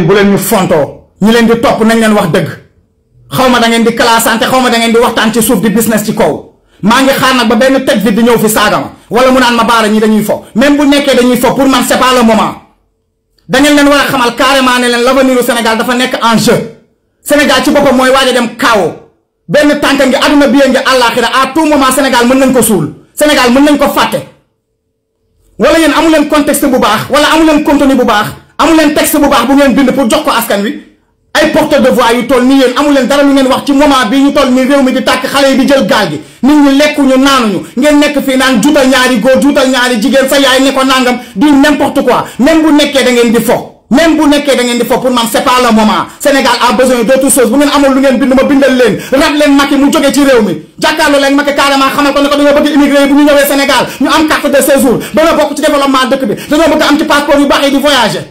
bu leen ñu fontoo ñi leen di topp nañ leen wax dëgg xaw ma da ngeen di classante xaw ma da ngeen di waxtaan ci suuf di business ci kaw maa ngi xaar nag ba benn teg vide di ñëw fi saaga ma wala mu naan ma baara ñi dañuy fo même bu nekkee dañuy fo pour man c'est pas le moment da ngeen leen war a xamal carrément ne leen l'avenir du Sénégal dafa nekk en jeu Sénégal ci boppam mooy waaj dem kaawo benn tànk ngi aduna bi ngi àllaaxira à tout moment Sénégal mën nañ ko suul Sénégal mën nañ ko fàtte wala yéen amu leen contexte bu baax wala amu leen contenu bu baax amu leen texte bu baax bu ngeen bind pour jox ko askan wi ay porte de voix yu toll nii yéen amu dara lu ngeen wax ci moment bi ñu toll nii réew mi di tàkk xale yi di jël gaal gi nit ñi lekkuñu naanuñu ngeen nekk fii naan juutal ñaari góor juutal ñaari jigéen sa yaay ne ko nangam di n'importe quoi même bu nekkee da di fo même bu nekkee da di fo pour man c'est pas le a besoin d'autre chose bu ngeen amul lu ngeen bind ma bindal leen rab de séjour